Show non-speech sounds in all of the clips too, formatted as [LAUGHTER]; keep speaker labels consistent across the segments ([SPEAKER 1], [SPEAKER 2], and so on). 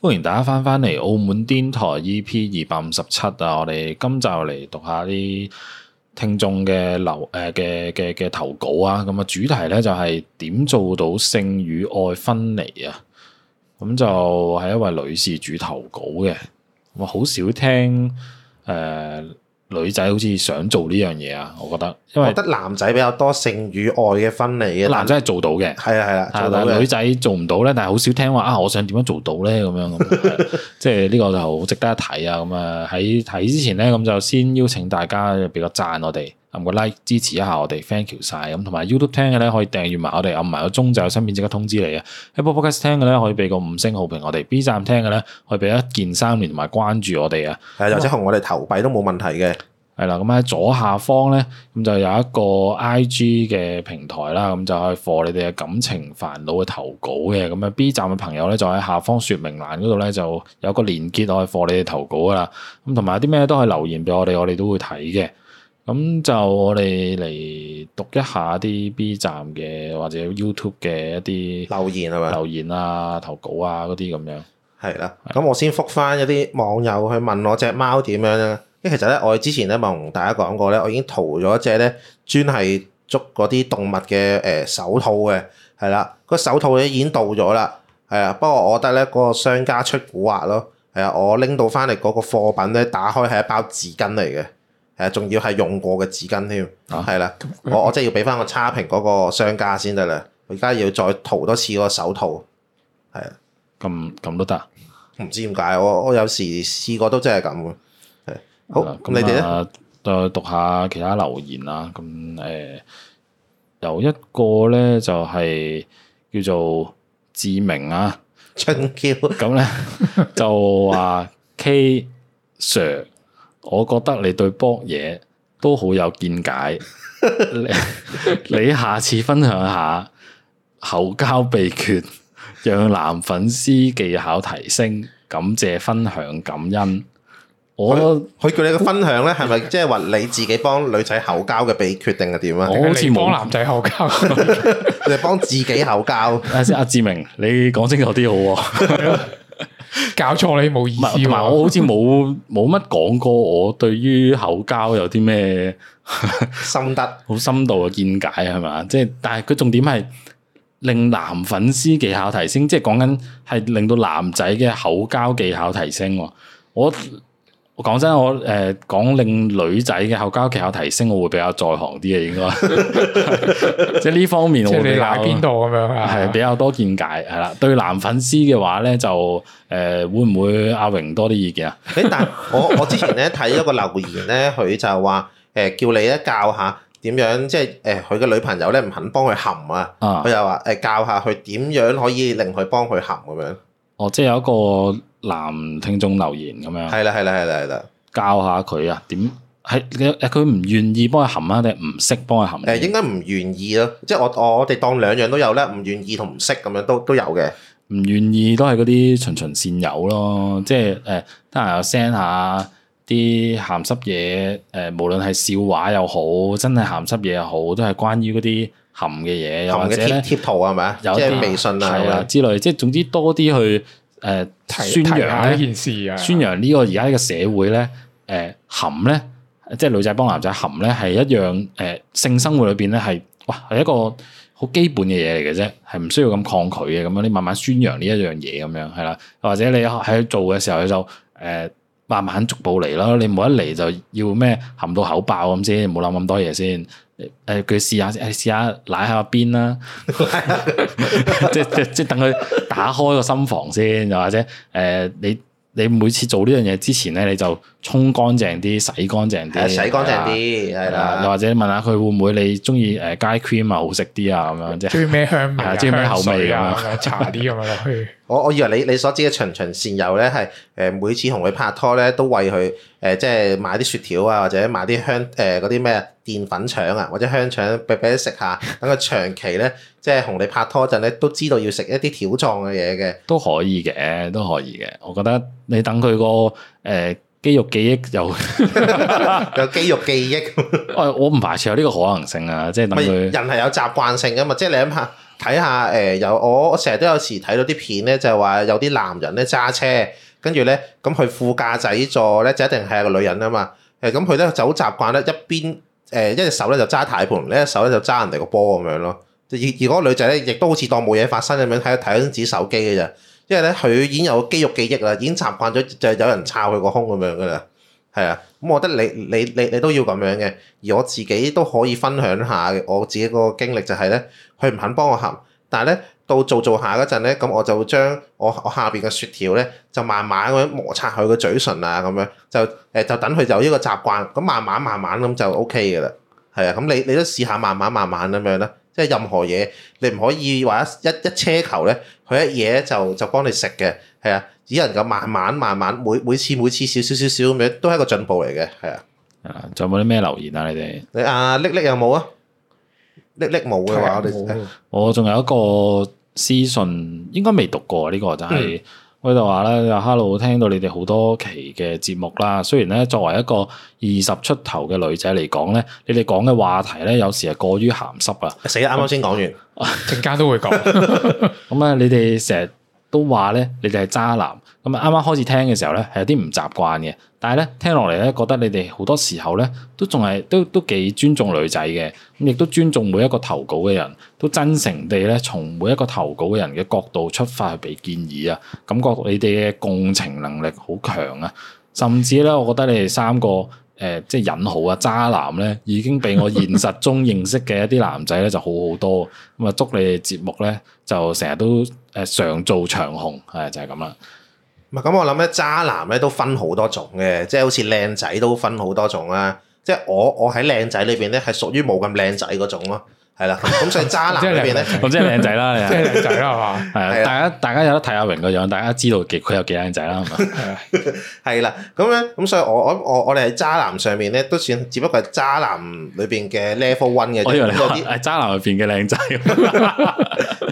[SPEAKER 1] 歡迎大家翻返嚟澳門癲台 EP 二百五十七啊！我哋今集嚟讀下啲聽眾嘅留誒嘅嘅嘅投稿啊！咁啊主題咧就係點做到性與愛分離啊！咁就係一位女事主投稿嘅，我好少聽誒。呃女仔
[SPEAKER 2] 好似想做呢樣嘢啊，我覺得，因為我覺得
[SPEAKER 1] 男仔比較多
[SPEAKER 2] 性與愛嘅分離嘅，男仔係做到嘅，係啊係啊，但係女仔
[SPEAKER 1] 做唔到咧，但係好少聽話啊，我想點樣做到咧？咁樣，即係呢個就好值得一睇啊。咁啊喺睇之前咧，咁就先邀請大家俾個贊我哋。撳個 like 支持一下我哋，thank you 晒。咁，同埋 YouTube 聽嘅咧可以訂閱埋我哋，撳埋個鐘就有新片即刻通知你啊。喺 Apple Podcast 聽嘅咧可以俾個五星好評我哋，B 站聽嘅咧可以俾一件三連同埋關注我哋啊！誒那，或者同我哋投幣都冇問題嘅。係啦，咁喺左下方咧咁就有一個 IG 嘅平台啦，咁就可以放你哋嘅感情煩惱嘅投稿嘅。咁啊 B 站嘅朋友咧就喺下方說明欄嗰度咧就有個連結可以放你哋投稿噶啦。咁同埋有啲咩都係留言俾我哋，我哋都會睇嘅。咁就我哋嚟讀一下啲 B 站
[SPEAKER 2] 嘅或者 YouTube 嘅一啲留言啊，留言啊、投稿啊嗰啲咁樣。係啦的，咁的我先覆返一啲網友去問我隻貓點樣咧？因為其實咧，我之前咧咪同大家講過咧，我已經淘咗隻咧專係捉嗰啲動物嘅誒手套嘅，係啦，個手套咧已經到咗啦。係啊，不過我覺得咧，嗰個商家出蠱惑咯。係啊，我拎到返嚟嗰個貨品咧，打開係一包紙巾嚟嘅。誒，仲要係用過嘅紙巾添，係啦，啊。我我即係要俾翻個差評嗰個商家先得啦。我而家要再塗多次嗰個手套，係啊。咁咁都得，唔知點解我我有時試過都真係咁。係好咁，嗯，咁你哋咧
[SPEAKER 1] 再讀下其他留言啦。咁誒，呃，有一個咧就係叫做志明啊，春嬌咁咧就話 K sir。我覺得你對博嘢，都好有見解， [LAUGHS] [LAUGHS] 你下次分享下口交秘訣，讓男粉絲技巧提升。感謝分享，感恩。我覺得佢叫你嘅分享呢，係咪
[SPEAKER 2] 即係話你自己幫女仔口交嘅秘訣定係點啊？我好似冇幫男仔口交，你幫自己口交。
[SPEAKER 1] 阿阿志明，你講清楚啲好啊。 [LAUGHS]
[SPEAKER 3] 搞錯你冇意思，同埋我好似
[SPEAKER 1] 冇冇乜講過我對於口交有啲咩 [LAUGHS] 心得，好 [LAUGHS] 深度嘅見解係嘛？即係，但係佢重點係令男粉絲技巧提升，即係講緊係令到男仔嘅口交技巧提升。我。講真，我誒講令女仔嘅后交期有提升，我會比較在行啲嘅，應該。 [LAUGHS] [LAUGHS] 即係呢方面我，我哋你瀨邊度咁樣，係比較多見解，係啦。對男粉絲嘅話咧，就
[SPEAKER 2] 誒、呃、會唔會阿榮多啲意見啊？誒， [LAUGHS] 但係我我之前咧睇一個留言咧，佢就話誒、呃、叫你咧教下點樣，即係誒佢嘅女朋友咧唔肯幫佢含啊，佢又話誒教下佢點樣可以令佢幫佢含咁、啊、樣。哦，即係有一個
[SPEAKER 1] 男聽眾留言咁樣，係啦，係啦，係啦，係啦，教下佢啊，點係誒佢唔願意幫佢含啊定係唔識幫佢含？
[SPEAKER 2] 誒應該唔願意咯，即係我我我哋當兩樣都有咧，唔願意同唔識咁樣都都有嘅。
[SPEAKER 1] 唔願意都係嗰啲循循善友咯，即係誒得閒又 send 下啲鹹濕嘢，誒、呃、無論係笑話又好，真係鹹濕嘢又好，都係關於嗰啲。含嘅嘢又或者咧，貼圖係咪啊有，即係微信啊係啦係啦之類，即係總之多啲去誒、呃、
[SPEAKER 3] 提宣揚呢件事啊，宣
[SPEAKER 1] 揚呢個而家呢個社會咧，誒、呃、含咧，即係女仔幫男仔含咧，係一樣誒、呃、性生活裏邊咧係，哇係一個好基本嘅嘢嚟嘅啫，係唔需要咁抗拒嘅，咁樣你慢慢宣揚呢一樣嘢咁樣係啦，或者你喺做嘅時候你就誒。呃呃慢慢逐步嚟咯，你唔好一嚟就要咩含到口爆咁先，唔好諗咁多嘢先。誒，佢試下先、啊，試下舐下個邊啦。即即即等佢打開個心房先，又或者誒、呃，你你每次做呢樣嘢之前咧，你就沖乾淨啲，洗乾淨啲、啊，洗乾淨啲，係啦、啊。又、啊、或者問下佢會唔會你中意誒街 cream 啊，好食啲啊咁
[SPEAKER 2] 樣即係。中意咩香味啊？中意咩口味啊？搽啲咁樣落我我以為你你所知嘅循循善誘咧，係誒每次同佢拍拖咧，都餵佢誒，即係買啲雪條啊，或者買啲香誒嗰啲咩澱粉腸啊，或者香腸俾俾佢食下，等佢長期咧，即係同你拍拖陣咧，都知道要食一啲條狀嘅嘢嘅。都可以嘅，都可
[SPEAKER 1] 以嘅。我覺得你等佢個誒肌肉記憶有 [LAUGHS] [LAUGHS] 有肌肉記憶、哎。我我唔排斥有呢個可能性啊，即係等
[SPEAKER 2] 人係有習慣性嘅嘛，即係你諗下。睇下誒，有、呃、我我成日都有時睇到啲片咧，就係、是、話有啲男人咧，揸車，跟住咧咁佢副駕駛座咧就一定係個女人啊嘛。誒咁佢咧就好習慣咧一邊誒、呃、一隻手咧就揸軚盤，另一隻手咧就揸人哋個波咁樣咯。而而嗰個女仔咧，亦都好似當冇嘢發生咁樣睇睇自己手機嘅啫。因為咧佢已經有肌肉記憶啦，已經習慣咗就有人摷佢個胸咁樣噶啦。係啊，咁我覺得你你你你都要咁樣嘅，而我自己都可以分享下我自己嗰個經歷就係咧，佢唔肯幫我含，但係咧到做做下嗰陣咧，咁我就將我我下邊嘅雪條咧就慢慢咁樣摩擦佢個嘴唇啊，咁樣就誒就等佢有呢個習慣，咁慢慢慢慢咁就 OK 嘅啦，係啊，咁你你都試下慢慢慢慢咁樣啦，即係任何嘢你唔可以話一一一車球咧，佢一嘢就就幫你食嘅，係啊。只能夠慢慢慢慢每每次每次少少少少咁樣，都係一個進步嚟嘅，係啊。
[SPEAKER 1] 啊，仲有冇啲咩留
[SPEAKER 2] 言啊？你哋你啊，叻叻有冇啊？叻叻冇啊，冇。哎、我哋，
[SPEAKER 1] 我仲有一個私信，應該未讀過呢、啊這個就係、是。嗯、我喺度話咧，hello，聽到你哋好多期嘅節目啦。雖然咧作為一個二十出頭嘅女仔嚟講咧，你哋講嘅話題咧有時係過於鹹濕啊。死啱啱先講完，
[SPEAKER 3] 陣間都會講。
[SPEAKER 1] 咁啊，你哋成日。 [LAUGHS] [LAUGHS] 都話咧，你哋係渣男，咁啊啱啱開始聽嘅時候咧，係有啲唔習慣嘅，但係咧聽落嚟咧，覺得你哋好多時候咧，都仲係都都幾尊重女仔嘅，咁亦都尊重每一個投稿嘅人，都真誠地咧，從每一個投稿嘅人嘅角度出發去俾建議啊，感覺你哋嘅共情能力好強啊，甚至咧，我覺得你哋三個誒、呃，即係引號啊渣男咧，已經比我現實中認識嘅一啲男仔咧就好好多，咁啊，祝你哋節目咧就成日都。常做長紅，係就係咁啦。
[SPEAKER 2] 咁，我諗咧渣男咧都分好多種嘅，即係好似靚仔都分好多種啦。即係我我喺靚仔裏邊咧，係屬於冇咁靚仔嗰種咯。係啦，咁、 [LAUGHS] 啊、所以渣男裏邊咧，唔知係靚仔啦，係啊， [LAUGHS] 係啊，大家 [LAUGHS] 大家有得睇阿榮個樣，大家知道幾佢有幾靚仔啦，係嘛，係啦，咁樣咁所以，我我我我哋喺渣男上面咧，都算只不過係渣男裏邊嘅 level one 嘅，我以為你
[SPEAKER 1] 話啲渣男裏邊嘅靚仔，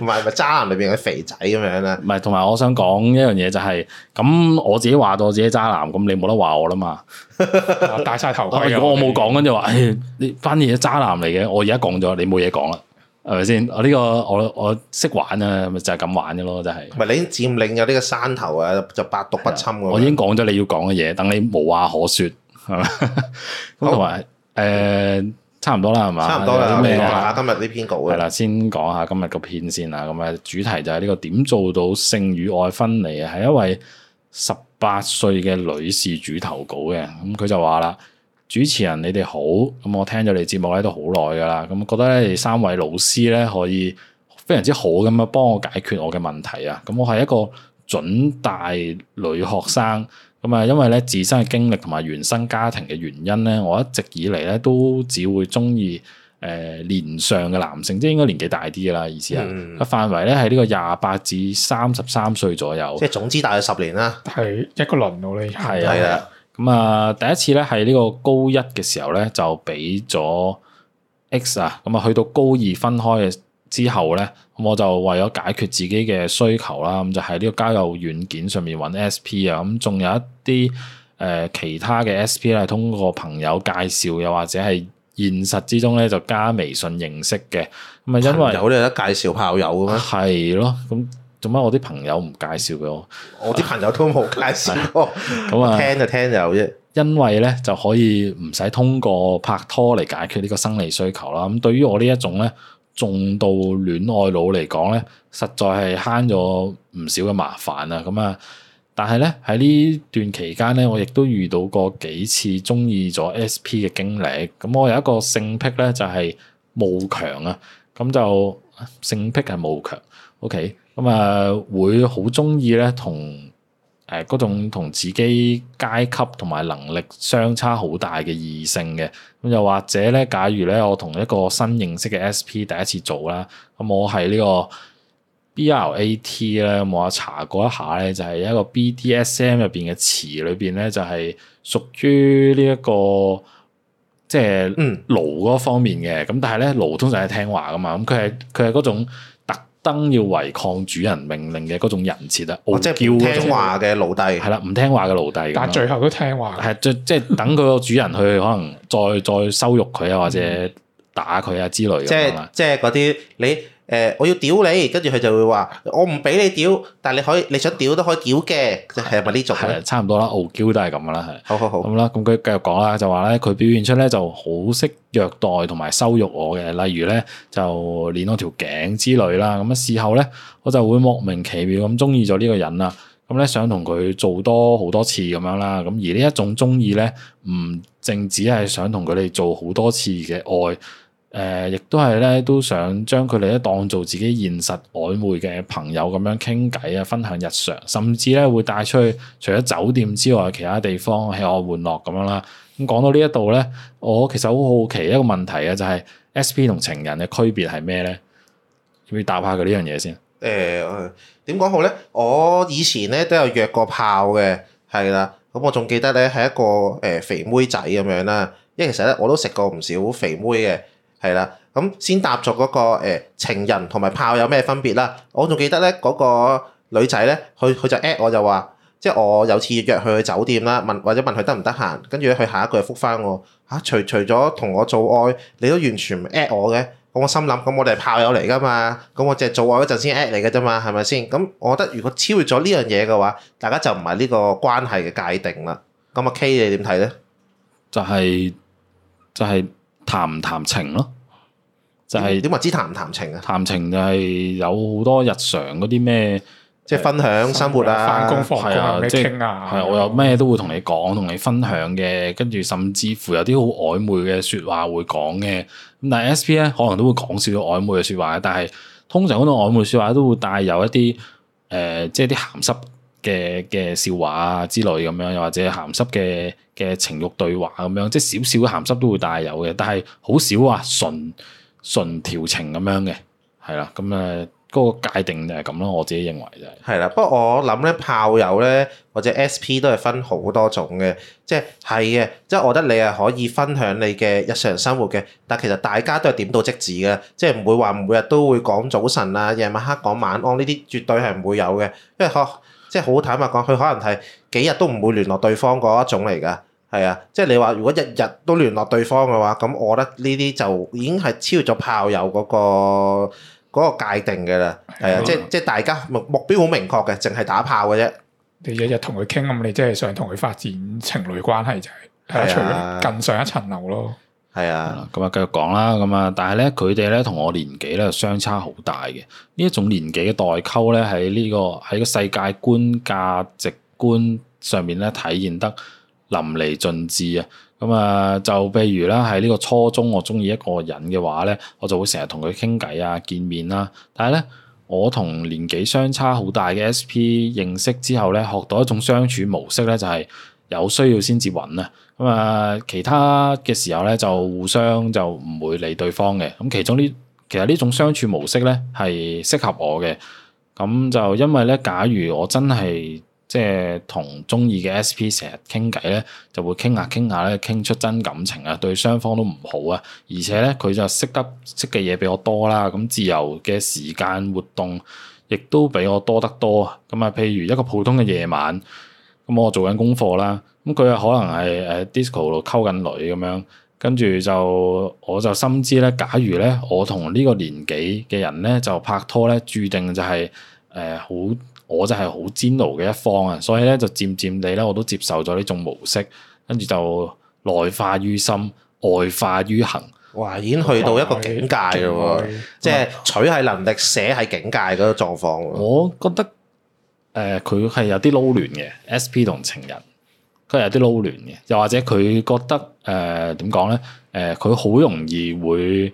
[SPEAKER 1] 唔係唔係渣男裏邊嘅肥仔咁樣啦，唔係，同埋我想講一樣嘢就係，是，咁我自己話到我自己渣男，咁你冇得話我啦嘛，
[SPEAKER 3] 戴晒 [LAUGHS] 頭盔、 [LAUGHS] 哎，我冇
[SPEAKER 1] 講，跟住話，你翻譯渣男嚟嘅，我而家講咗，你冇嘢。講啦，係咪先？我呢、這個我我識玩啊，咪就係、是、咁玩嘅咯，真係。唔係你佔領咗呢個山頭啊，
[SPEAKER 2] 就百毒不侵嘅。我已經
[SPEAKER 1] 講咗你要講嘅嘢，等你無話可說，係嘛？好，誒、呃，差唔多啦，係嘛？差唔多啦。咁啊 okay,，今
[SPEAKER 2] 日呢篇稿係啦，
[SPEAKER 1] 先講下今日嘅片先啦。咁啊，主題就係呢、這個點做到性與愛分離啊？係一位十八歲嘅女士主投稿嘅，咁佢就話啦。主持人，你哋好，咁我聽咗你節目咧都好耐噶啦，咁覺得咧，你哋三位老師咧可以非常之好咁樣幫我解決我嘅問題啊！咁我係一個準大女學生，咁啊，因為咧自身嘅經歷同埋原生家庭嘅原因咧，我一直以嚟咧都只會中意誒年上嘅男性，即係應該年紀大啲噶啦，意思啊，個範圍咧係呢個廿八至三十三歲左右，即係總之大約十年啦，
[SPEAKER 3] 係一個輪路嚟，係啊的。
[SPEAKER 1] 咁啊，第一次咧喺呢個高一嘅時候咧，就俾咗 X 啊。咁啊，去到高二分開嘅之後咧，咁我就為咗解決自己嘅需求啦，咁就喺、是、呢個交友軟件上面揾 SP 啊。咁仲有一啲誒其他嘅 SP 咧，係通過朋友介紹，又或者係現實之中咧就加微信認識嘅。咁啊，因為朋友你有得介紹炮友嘅咩？係咯，咁。做乜我啲朋友唔介紹俾我？我啲朋友都冇介紹。咁 [LAUGHS] 啊 [LAUGHS] 麼， [LAUGHS] 聽就聽就啫。因為咧，就可以唔使通過拍拖嚟解決呢個生理需求啦。咁對於我呢一種咧，重度戀愛佬嚟講咧，實在係慳咗唔少嘅麻煩啊。咁啊，但係咧喺呢段期間咧，我亦都遇到過幾次中意咗 SP 嘅經歷。咁我有一個性癖咧，就係慕強啊。咁就性癖係慕強。OK。咁啊，會好中意咧，同誒嗰種同自己階級同埋能力相差好大嘅異性嘅。咁又或者咧，假如咧我同一個新認識嘅 S.P. 第一次做啦，咁我係呢個 BRAT 咧，我查過一下咧，就係一個 B.D.S.M. 入邊嘅詞裏邊咧，就係屬於呢一個即係奴嗰方面嘅。咁但係咧，奴通常係聽話噶嘛，咁佢係佢係嗰種，生要違抗主人命令嘅嗰種人設啊，哦呃、即係叫聽話嘅奴隸，係啦，唔聽話嘅奴隸，奴隸但係最後都聽話，係即即係等佢個主人去可能再
[SPEAKER 2] [LAUGHS] 再羞辱佢啊，或者
[SPEAKER 1] 打佢啊之
[SPEAKER 2] 類嘅，即係即係嗰啲你。誒、呃，我要屌你，跟住佢就會話：我唔俾你屌，但係你可以你想屌都可以屌嘅，就係咪呢種？係差唔多啦，傲嬌都係咁噶啦，
[SPEAKER 1] 係。好好好，咁啦、嗯，咁佢繼續講啦，就話咧，佢表現出咧就好識虐待同埋羞辱我嘅，例如咧就捏我條頸之類啦。咁啊，事後咧我就會莫名其妙咁中意咗呢個人啦。咁咧想同佢做多好多次咁樣啦。咁而呢一種中意咧，唔淨只係想同佢哋做好多次嘅愛。誒，亦都係咧，都想將佢哋咧當做自己現實曖昧嘅朋友咁樣傾偈啊，分享日常，甚至咧會帶出去除咗酒店之外其他地方係我玩樂咁樣啦。咁講到呢一度咧，我其實好好奇一個問題啊，就係、是、SP 同情人嘅區別係咩咧？
[SPEAKER 2] 要，要答下佢、呃、呢樣嘢先。誒，點講好咧？我以前咧都有約過炮嘅，係啦。咁我仲記得咧係一個誒、呃、肥妹仔咁樣啦。因為其實咧我都食過唔少肥妹嘅。係啦，咁先答咗嗰個誒情人同埋炮友咩分別啦？我仲記得咧嗰個女仔咧，佢佢就 at 我就話，即係我有次約佢去酒店啦，問或者問佢得唔得閒，跟住咧佢下一句就復翻我，吓，除除咗同我做愛，你都完全唔 at 我嘅，咁我心諗，咁我哋係炮友嚟噶嘛，咁我淨係做愛嗰陣先 at 你嘅啫嘛，係咪先？咁我覺得如果超越咗呢樣嘢嘅話，大家就唔係呢個關係嘅界定啦。咁阿 K，你點睇咧？就係就係談唔談情咯？就係點話知談唔談情啊？談情
[SPEAKER 1] 就係有好多日常嗰啲咩，即係分享生活啊，係啊，即係係我有咩都會同你講，同你分享嘅，跟住甚至乎有啲好曖昧嘅說話會講嘅。咁但係 S P 咧，可能都會講少少曖昧嘅說話，但係通常好多曖昧說話都會帶有一啲誒，即係啲鹹濕嘅嘅笑話啊之類咁樣，又或者鹹濕嘅嘅情欲對話咁樣，即係少少鹹濕都會帶有嘅，但係好少啊純。純調情咁樣嘅，係啦，
[SPEAKER 2] 咁誒嗰個界定就係咁咯，我自己認為就係、是。係啦，不過我諗咧，炮友咧或者 SP 都係分好多種嘅，即係係嘅，即係、就是、我覺得你係可以分享你嘅日常生活嘅，但其實大家都係點到即止嘅，即係唔會話每日都會講早晨啊、夜晚黑講晚安呢啲，絕對係唔會有嘅，因為可即係好坦白講，佢可能係幾日都唔會聯絡對方嗰一種嚟㗎。係啊，即係你話如果日日都聯絡對方嘅話，咁我覺得呢啲就已經係超越咗炮友嗰、嗰個、嗰個界定嘅啦。係啊，啊即係即係大家目目標好明確嘅，淨係打炮嘅啫。你日
[SPEAKER 3] 日同佢傾咁，你即係想同佢發展情侶關係就係，係啊，近上一層樓咯。
[SPEAKER 1] 係啊，咁啊繼續講啦，咁啊，但係咧佢哋咧同我年紀咧相差好大嘅，呢一種年紀嘅代溝咧喺呢、呢個喺、呢個世界觀價值觀上面咧體現得。淋漓盡致啊！咁啊，就譬如啦，喺呢個初中，我中意一個人嘅話咧，我就會成日同佢傾偈啊、見面啦、啊。但係咧，我同年紀相差好大嘅 SP 認識之後咧，學到一種相處模式咧，就係有需要先至揾啊。咁啊，其他嘅時候咧，就互相就唔會理對方嘅。咁其中呢，其實呢種相處模式咧，係適合我嘅。咁就因為咧，假如我真係即係同中意嘅 S.P 成日傾偈咧，就會傾下傾下咧，傾出真感情啊！對雙方都唔好啊，而且咧，佢就識得識嘅嘢比我多啦，咁自由嘅時間活動亦都比我多得多啊！咁啊，譬如一個普通嘅夜晚，咁我做緊功課啦，咁佢又可能係誒 disco 度溝緊女咁樣，跟住就我就深知咧，假如咧我同呢個年紀嘅人咧就拍拖咧，註定就係誒好。呃我就係好煎熬嘅一方啊，所以咧就漸漸地咧我都接受咗呢種模式，跟住就內化於心，
[SPEAKER 2] 外化於行，哇已經去到一個境界嘅喎，即係、嗯、取係能力，寫係境界嗰個狀況。我覺得誒佢係有啲撈亂
[SPEAKER 1] 嘅，SP 同情人佢係有啲撈亂嘅，又或者佢覺得誒點講咧？誒佢好容易會誒。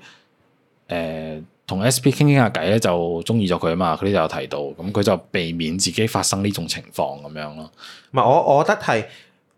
[SPEAKER 1] 呃同 S.P. 傾傾下偈咧，
[SPEAKER 2] 就中意咗佢啊嘛！佢呢就有提到，咁佢就避免自己發生呢種情況咁樣咯。唔係我，我覺得係誒、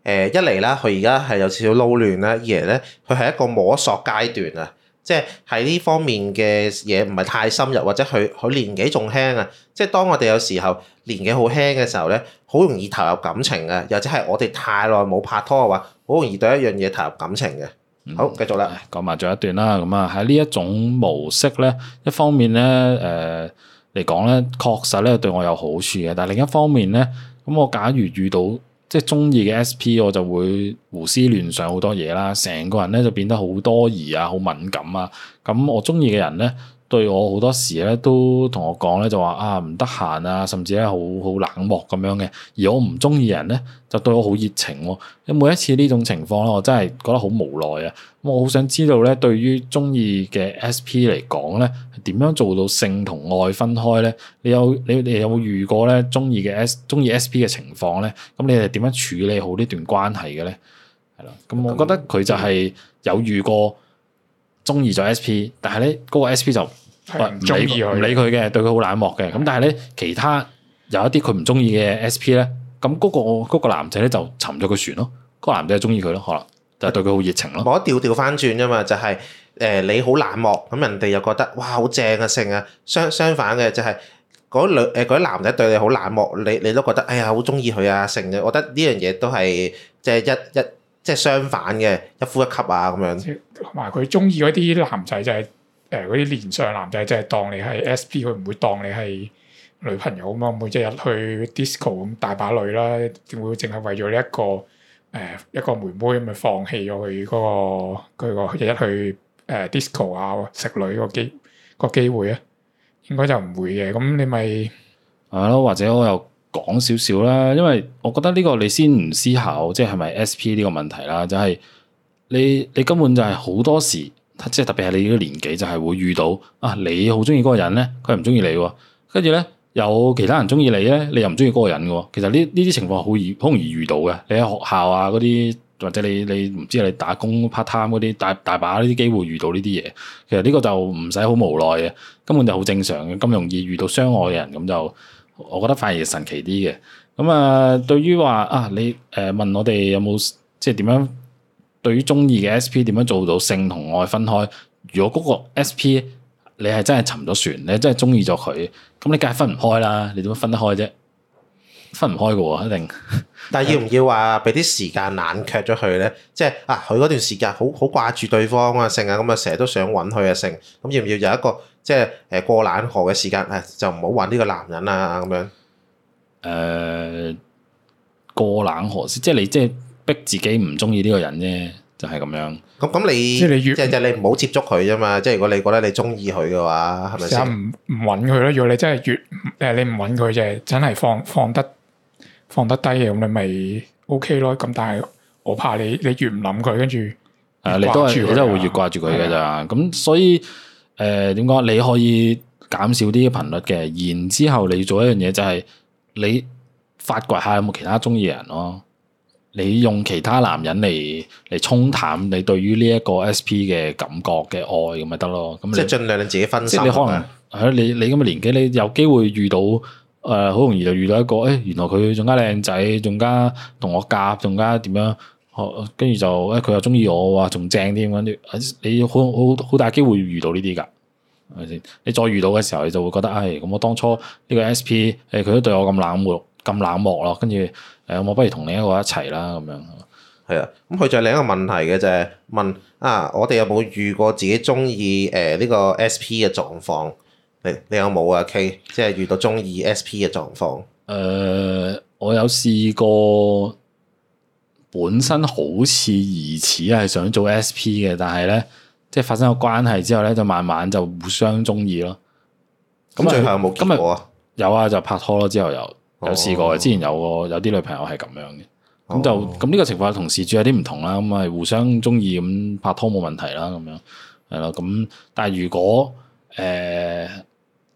[SPEAKER 2] 呃、一嚟啦，佢而家係有少少撈亂啦；二嚟咧，佢係一個摸索階段啊，即係喺呢方面嘅嘢唔係太深入，或者佢佢年紀仲輕啊。即係當我哋有時候年紀好輕嘅時候咧，好容易投入感情啊，又或者係我哋太耐冇拍拖嘅話，好容易對一樣嘢投入感情嘅。嗯、好，繼續啦，講埋
[SPEAKER 1] 最後一段啦。咁啊，喺呢一種模式咧，一方面咧，誒嚟講咧，確實咧對我有好處嘅。但係另一方面咧，咁我假如遇到即係中意嘅 SP，我就會胡思亂想好多嘢啦，成個人咧就變得好多疑啊，好敏感啊。咁我中意嘅人咧。對我好多時咧都同我講咧就話啊，唔得閒啊，甚至咧好好冷漠咁樣嘅。而我唔中意人咧就對我好熱情咯。咁每一次呢種情況咧，我真係覺得好無奈啊。我好想知道咧，對於中意嘅 SP 嚟講咧，係點樣做到性同愛分開咧？你有你你有冇遇過咧中意嘅 S 中意 SP 嘅情況咧？咁你哋點樣處理好呢段關係嘅咧？係咯，咁我覺得佢就係有遇過。中意咗 SP，但係咧嗰個 SP 就唔中意佢，唔理佢嘅，對佢好冷漠嘅。咁但係咧其他有一啲佢唔中意嘅 SP 咧，咁嗰個
[SPEAKER 2] 嗰個男仔咧就沉咗個船咯。嗰個男仔係中意佢咯，可能就對佢好熱情咯。我調調翻轉啫嘛，就係誒你好冷漠，咁人哋又覺得哇好正啊性啊，相相反嘅就係嗰女誒嗰啲男仔對你好冷漠，你你都覺得哎呀好中意佢啊性，我覺得呢樣嘢都係即係一一。即係相反嘅，一呼一吸啊咁樣。
[SPEAKER 3] 同埋佢中意嗰啲男仔就係誒嗰啲年上男仔，就係當你係 S.P. 佢唔會當你係女朋友啊嘛。每日去 disco 咁大把女啦，點會淨係為咗呢一個誒、呃、一個妹妹咁咪放棄咗佢嗰個佢、嗰個日日去誒 disco 啊食女個機個機會啊，應該就唔會嘅。咁你咪
[SPEAKER 1] 係、啊、咯，或者我又。講少少啦，因為我覺得呢個你先唔思考，即係係咪 S P 呢個問題啦，就係、是、你你根本就係好多時，即係特別係你呢個年紀，就係會遇到啊！你好中意嗰個人咧，佢唔中意你喎，跟住咧有其他人中意你咧，你又唔中意嗰個人喎。其實呢呢啲情況好易，好容易遇到嘅。你喺學校啊，嗰啲或者你你唔知你打工 part time 嗰啲，大大把呢啲機會遇到呢啲嘢。其實呢個就唔使好無奈嘅，根本就好正常嘅。咁容易遇到傷害嘅人，咁就。我覺得反而神奇啲嘅，咁、呃、啊對於話啊你誒、呃、問我哋有冇即係點樣對於中意嘅 SP 點樣做到性同愛分開？如果嗰個 SP 你係真係沉咗船，你真係中
[SPEAKER 2] 意咗佢，咁你梗係分唔開啦，你點樣分得開啫？分唔開嘅喎，一定。 [LAUGHS] 但係要唔要話俾啲時間冷卻咗佢咧？即係嗱，佢、啊、嗰段時間好好掛住對方啊，性啊，咁啊，成日都想搵佢啊，性，咁要唔要有一個即係誒過冷河嘅時間？誒、哎，就唔好搵呢個男人啊咁樣。誒、呃，
[SPEAKER 1] 過冷河即係你即係逼自己唔中意呢個人啫，就係、是、咁樣。
[SPEAKER 2] 咁咁你即係你唔好接觸佢啫嘛。即係如果你覺得你中意佢嘅話，係咪先唔
[SPEAKER 3] 唔搵佢咯？如果你真係越誒你唔搵佢就啫，真係放放得。放得低嘅，咁你咪 O K 咯。咁但係我怕你，你越唔諗佢，跟住，誒、啊，你都係你都係
[SPEAKER 1] 會越掛住佢嘅咋。咁所以誒，點講？你可以減少啲頻率嘅。然之後你做一樣嘢就係你發掘下有冇其他中意人咯。你用其他男人嚟嚟沖淡你對於呢一個 S P 嘅感覺嘅愛咁咪得咯。咁即係盡
[SPEAKER 2] 量你自己分析，你可
[SPEAKER 1] 能，誒、啊，你你咁嘅年紀，你有機會遇到。誒，好、uh, 容易就遇到一個，誒、哎，原來佢仲加靚仔，仲加同我夾，仲加點樣？跟住就，誒、哎，佢又中意我，話仲正添你，你好好好，好大機會遇到呢啲噶，係咪先？你再遇到嘅時候，你就會覺得，唉、哎，咁我當初呢個 S P，誒、哎，佢都對我咁冷漠，咁冷漠咯。跟住誒，
[SPEAKER 2] 我不如同另一個一齊啦，咁樣。係啊，咁佢就另一個問題嘅就係。問啊，我哋有冇遇過自己中意誒呢個 S P 嘅狀況？你有冇啊？K，即係遇到中意 SP 嘅狀況。
[SPEAKER 1] 誒、呃，我有試過，本身好似疑似係想做 SP 嘅，但係咧，即係發生咗關係之後咧，就慢慢就互相中意咯。
[SPEAKER 2] 咁最後有
[SPEAKER 1] 冇？今日有啊，就拍拖咯，之後有有試過。哦、之前有個有啲女朋友係咁樣嘅，
[SPEAKER 2] 咁、哦、就
[SPEAKER 1] 咁呢個情況同事主有啲唔同啦。咁啊，互相中意咁拍拖冇問題啦，咁樣係啦。咁但係如果誒，呃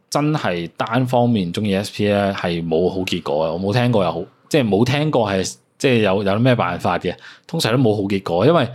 [SPEAKER 1] 真係單方面中意 SP 咧，係冇好結果嘅。我冇聽過又好，即係冇聽過係，即係有有咩辦法嘅？通常都冇好結果，因為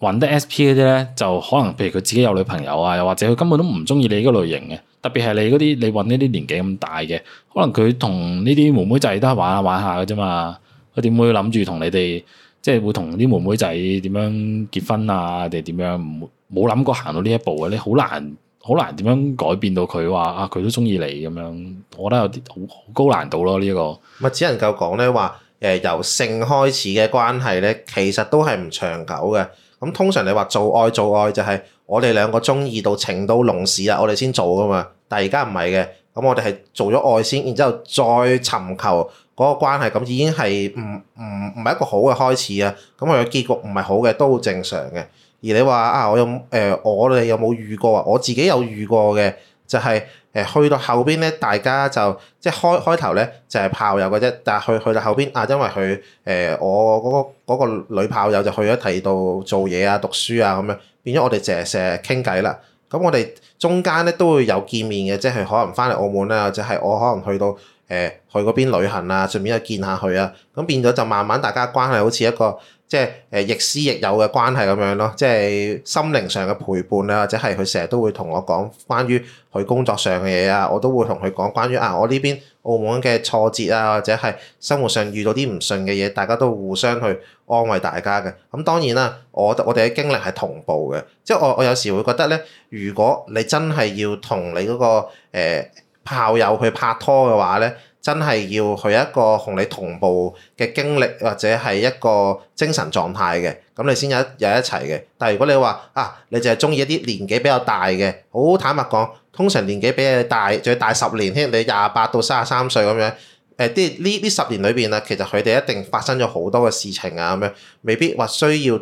[SPEAKER 1] 搵得 SP 嗰啲咧，就可能譬如佢自己有女朋友啊，又或者佢根本都唔中意你呢個類型嘅。特別係你嗰啲，你搵呢啲年紀咁大嘅，可能佢同呢啲妹妹仔都係玩下玩下嘅啫嘛。佢點會諗住同你哋，即係會同啲妹妹仔點樣結婚啊？定點樣冇冇諗過行到呢一步啊？你好難。好難點樣改變到佢話啊，佢
[SPEAKER 2] 都中意你咁樣，我覺得有啲好好高難度咯呢個。咪只能夠講咧話，誒由性開始嘅關係咧，其實都係唔長久嘅。咁通常你話做愛做愛就係我哋兩個中意到情到濃時啊，我哋先做噶嘛。但係而家唔係嘅，咁我哋係做咗愛先，然之後再尋求嗰個關係，咁已經係唔唔唔係一個好嘅開始啊。咁佢個結局唔係好嘅都好正常嘅。而你話啊，我有誒、呃，我哋有冇遇過啊？我自己有遇過嘅，就係、是、誒、呃、去到後邊咧，大家就即係開開頭咧就係、是、炮友嘅啫。但係去去到後邊啊，因為佢誒、呃、我嗰、那個那個女炮友就去咗提到做嘢啊、讀書啊咁樣，變咗我哋就成日傾偈啦。咁我哋中間咧都會有見面嘅，即係可能翻嚟澳門啦、啊，或者係我可能去到誒、呃、去嗰邊旅行啊，順便又見下佢啊。咁變咗就慢慢大家關係好似一個。即係誒亦師亦友嘅關係咁樣咯，即係心靈上嘅陪伴啦，或者係佢成日都會同我講關於佢工作上嘅嘢啊，我都會同佢講關於啊我呢邊澳門嘅挫折啊，或者係生活上遇到啲唔順嘅嘢，大家都互相去安慰大家嘅。咁當然啦，我我哋嘅經歷係同步嘅，即係我我有時會覺得咧，如果你真係要同你嗰個誒炮友去拍拖嘅話咧。真係要佢一個同你同步嘅經歷，或者係一個精神狀態嘅，咁你先有有一齊嘅。但係如果你話啊，你就係鍾意一啲年紀比較大嘅，好坦白講，通常年紀比你大，仲要大十年添，你廿八到三十三歲咁樣，誒啲呢呢十年裏邊啊，其實佢哋一定發生咗好多嘅事情啊，咁樣未必話需要。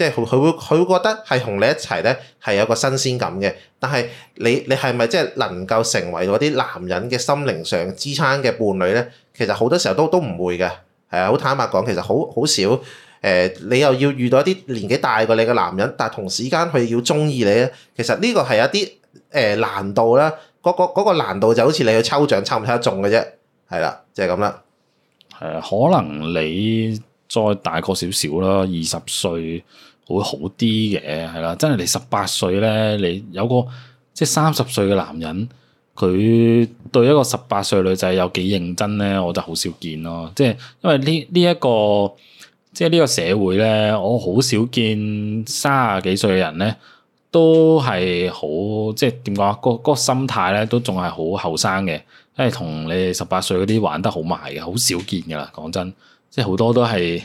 [SPEAKER 2] 即係佢會佢會覺得係同你一齊咧係有個新鮮感嘅，但係你你係咪即係能夠成為嗰啲男人嘅心靈上支撐嘅伴侶咧？其實好多時候都都唔會嘅，係啊，好坦白講，其實好好少誒、呃，你又要遇到一啲年紀大過你嘅男人，但係同時間佢要中意你咧，其實呢個係一啲誒、呃、難度啦，嗰個嗰個難度就好似你去抽獎抽唔抽得中嘅啫，係啦，即係咁啦，係啊、呃，可能
[SPEAKER 1] 你再大個少少啦，二十歲。會好啲嘅，係啦，真係你十八歲咧，你有個即係三十歲嘅男人，佢對一個十八歲女仔有幾認真咧？我就好少見咯。即係因為呢呢一個，即係呢個社會咧，我好少見三啊幾歲嘅人咧，都係好即係點講啊？嗰嗰個心態咧，都仲係好後生嘅，因為同你十八歲嗰啲玩得好埋嘅，好少見噶啦。講真，即係好多都係。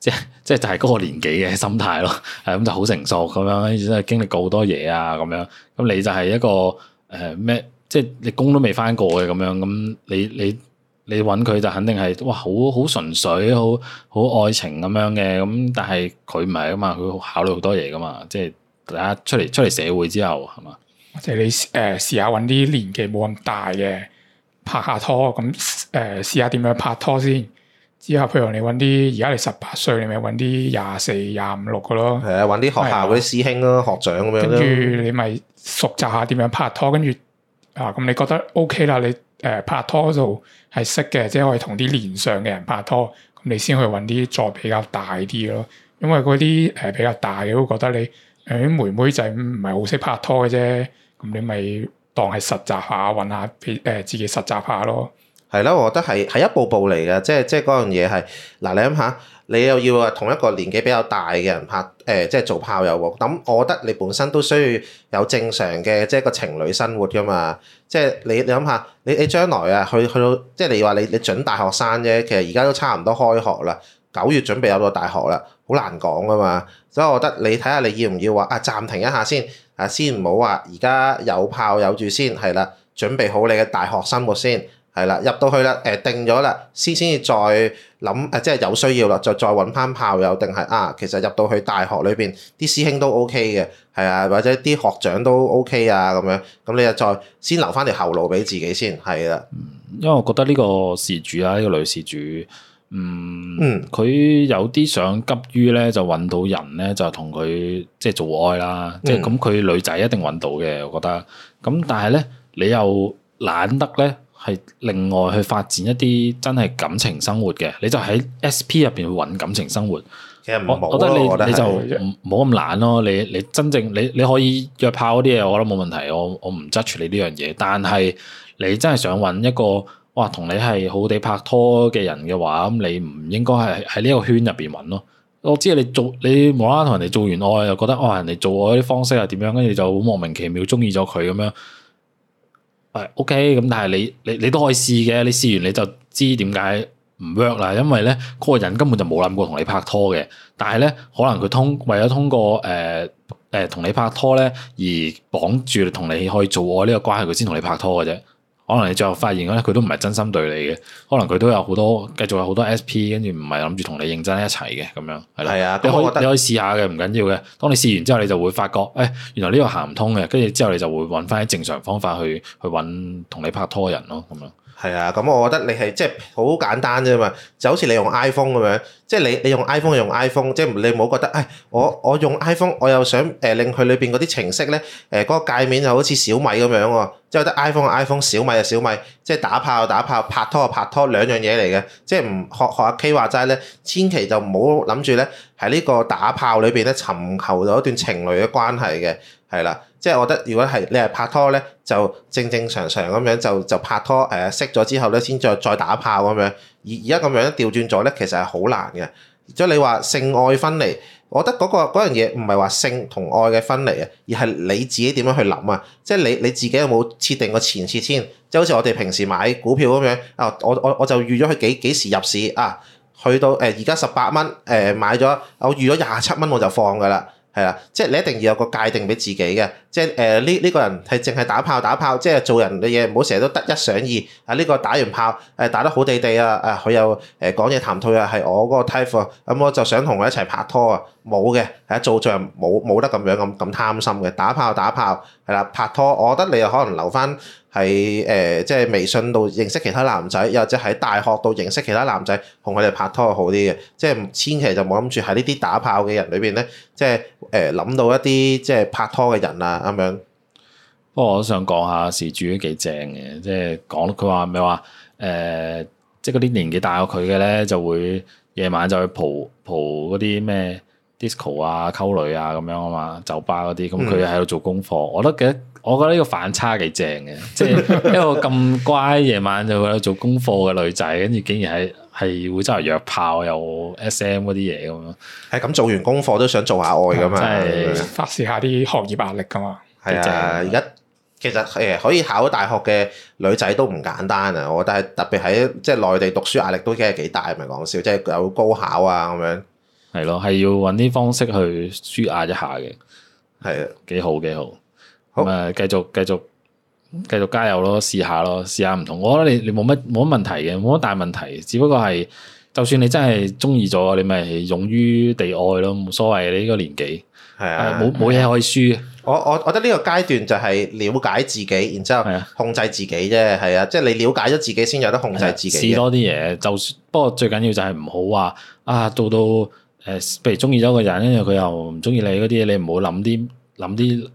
[SPEAKER 1] 即即 [LAUGHS] 就係嗰個年紀嘅心態咯，係 [LAUGHS] 咁就好成熟咁樣，真係經歷過好多嘢啊咁樣。咁你就係一個誒咩、呃？即係你工都未翻過嘅咁樣。咁你你你揾佢就肯定係哇，好好純粹，好好愛情咁樣嘅。咁但係佢唔係噶嘛，佢考慮好多嘢噶嘛。即係
[SPEAKER 3] 大家出嚟出嚟社會之後係嘛？或者你誒、呃、試下揾啲年紀冇咁大嘅拍下拖咁誒、呃、試下點樣拍拖先？之後，譬如你搵啲，而家你十八歲，你咪搵啲廿四、廿五六個咯。係啊，搵啲學校嗰啲師兄
[SPEAKER 2] 咯，的學長咁樣，跟住
[SPEAKER 3] 你咪熟習下點樣拍拖，跟住啊，咁你覺得 OK 啦？你誒、呃、拍拖就係識嘅，即係可以同啲年上嘅人拍拖，咁你先去搵啲再比較大啲咯。因為嗰啲誒比較大嘅都覺得你誒、呃、妹妹仔唔係好識拍拖嘅啫，咁你咪當係實習下，搵下誒自己實習下咯。
[SPEAKER 2] 係啦，我覺得係係一步步嚟嘅，即係即係嗰樣嘢係嗱，你諗下，你又要話同一個年紀比較大嘅人拍誒，即係做炮友喎。咁我覺得你本身都需要有正常嘅即係個情侶生活噶嘛。即係你你諗下，你你你將來啊去去到即係你話你你準大學生啫，其實而家都差唔多開學啦，九月準備有到大學啦，好難講噶嘛。所以我覺得你睇下你要唔要話啊暫停一下先啊，先唔好話而家有炮友住先，係啦，準備好你嘅大學生活先。係啦，入到去啦，誒、呃、定咗啦，先先至再諗誒、呃，即係有需要啦，就再揾翻炮友，定係啊，其實入到去大學裏邊，啲師兄都 OK 嘅，係啊，或者啲學長都 OK 啊，咁樣，咁你又再先留翻條後路俾自己先，係啦。因為我覺得呢個事主啦、啊，呢、呢個女事主，
[SPEAKER 1] 嗯嗯，佢有啲想急於咧，就揾到人咧，就同佢即係做愛啦，嗯、即係咁，佢女仔一定揾到嘅，我覺得。咁但係咧，你又懶得咧。係另外去發展一啲真係感情生活嘅，你就喺 SP 入邊去揾感情生活。其實我覺得你你就唔好咁懶咯。你你真正你你可以約炮啲嘢，我覺得冇問題。我我唔 judge 住你呢樣嘢。但係你真係想揾一個哇，同你係好好地拍拖嘅人嘅話，咁你唔應該係喺呢個圈入邊揾咯。我知你做你冇啦啦同人哋做完愛又覺得哦，哇人哋做愛啲方式係點樣，跟住就好莫名其妙中意咗佢咁樣。誒，OK，咁但係你你你都可以試嘅，你試完你就知點解唔 work 啦，因為咧嗰個人根本就冇諗過同你拍拖嘅，但係咧可能佢通為咗通過誒誒同你拍拖咧而綁住同你去做愛呢個關係，佢先同你拍拖嘅啫。可能你最後發現咧，佢都唔係真心對你嘅，可能佢都有好多，繼續有好多 SP，跟住唔係諗住同你認真一齊嘅咁樣，係啦的。係啊，你可以、嗯、你可以試、嗯、下嘅，唔緊要嘅。當你試完之後，你就會發覺，誒、哎、原來呢個行唔通嘅，跟住之後你就會揾翻啲正常方法去去揾同你拍拖嘅人咯，咁樣。
[SPEAKER 2] 係啊，咁、嗯、我覺得你係即係好簡單啫嘛，就好似你用 iPhone 咁樣，即、就、係、是、你你用 iPhone 用 iPhone，即係你唔好覺得，誒、哎、我我用 iPhone，我又想誒令佢裏邊嗰啲程式咧，誒、呃、嗰、那個界面就好似小米咁樣喎。即係得 iPhone iPhone，小米就小米，即係打炮就打炮，拍拖就拍拖，兩樣嘢嚟嘅。即係唔學學阿 K 話齋咧，千祈就唔好諗住咧喺呢個打炮裏邊咧尋求到一段情侶嘅關係嘅，係啦。即係我覺得，如果係你係拍拖咧，就正正常常咁樣就就拍拖，誒識咗之後咧先再再打炮咁樣。而而家咁樣調轉咗咧，其實係好難嘅。即係你話性愛分離。我覺得嗰個嗰樣嘢唔係話性同愛嘅分離，而係你自己點樣去諗啊？即係你，你自己有冇設定過前設先？即好似我哋平時買股票咁樣啊，我我，我就預咗佢幾幾時入市啊，去到誒而家十八蚊誒買咗，我預咗廿七蚊我就放㗎啦。係啦，即係你一定要有個界定俾自己嘅，即係誒呢呢個人係淨係打炮打炮，即係做人嘅嘢，唔好成日都得一想二。啊呢個打完炮誒、啊、打得好地地啊，啊佢又誒講嘢談吐啊係我嗰個 type，咁我就想同佢一齊拍拖啊。冇嘅，係做人冇冇得咁樣咁咁貪心嘅打炮打炮，係啦拍拖，我覺得你又可能留翻。喺誒，即係、呃就是、微信度認識其他男仔，又或者喺大學度認識其他男仔，同佢哋拍拖好啲嘅。即係千祈就冇諗住喺呢啲打炮嘅人裏邊咧，即係誒諗到一啲即係拍拖嘅人啊咁樣。不過我都想講下
[SPEAKER 1] 事主都幾正嘅，即係講佢話咪話誒，即係嗰啲年紀大過佢嘅咧，就會夜晚就去蒲蒲嗰啲咩，Disco 啊、溝女啊咁樣啊嘛，酒吧嗰啲咁，佢喺度做功課，我覺得幾，我覺得呢個反差幾正嘅，即係 [LAUGHS] 一個咁乖夜晚就喺度做功課嘅女仔，跟住竟然係係會周圍約炮又
[SPEAKER 2] SM 嗰啲嘢咁樣，係咁、嗯、做完功課都想做下愛咁啊，發泄、就
[SPEAKER 3] 是、吧下啲學業壓力噶嘛。係啊，
[SPEAKER 2] 而家在的其實誒可以考大學嘅女仔都唔簡單啊，我覺得係特別喺即係內地讀書壓力都真係幾大，唔係講笑，即、就、係、是、有高考啊咁樣。係咯，係要搵啲方式去舒壓一下嘅，係啊
[SPEAKER 1] 的，幾好幾好，好，啊好，繼續繼續繼續加油咯，試下咯，試下唔同。我覺得你你冇乜冇乜問題嘅，冇乜大問題，只不過係就算你真係
[SPEAKER 2] 中意咗，你咪勇於地愛咯，冇所謂。你呢個年紀係的啊，冇冇嘢可以輸嘅。我我覺得呢個階段就係了解自己，然之後控制自己啫，係啊的，即係你了解咗自己先有得控制自己。試多啲嘢，就算，不過最緊要就係唔好話
[SPEAKER 1] 啊，做到到。誒，譬如中意咗一個人，因為佢又唔中意你嗰啲，你唔好諗啲諗啲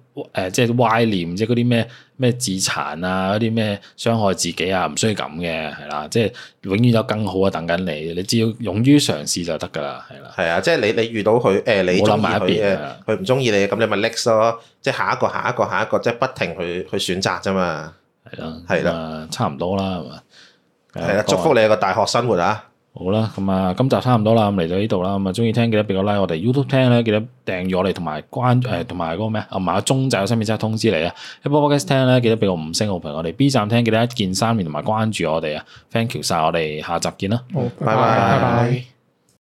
[SPEAKER 1] 誒，即係歪念，即係嗰啲咩咩自殘啊，嗰啲咩傷害自己啊，唔需要咁嘅，係啦，即係永遠有更好啊等緊你，你只要勇於嘗
[SPEAKER 2] 試就得噶啦，係啦。係啊，即係你你遇到佢誒，你唔中意佢嘅，佢唔中意你，咁你咪 next 咯，即係下一個下一個下一個，即係不停去去選擇啫嘛，係咯係
[SPEAKER 1] 咯，差唔多啦，係嘛，
[SPEAKER 2] 係啦，祝福你個大學生活啊！
[SPEAKER 1] 好啦，咁啊，今集差唔多啦，嚟到呢度啦，咁啊，中意聽記得俾個 like，我哋 YouTube 聽咧記得訂閱我哋，同埋關誒，同埋嗰個咩啊，同埋中仔嘅新片先通知你啊，喺播客聽咧記得俾個五星好評，我哋 B 站聽記得一鍵三連同埋關注我哋啊、嗯、，thank you 晒，我哋下集見啦，好，拜拜 bye。Bye bye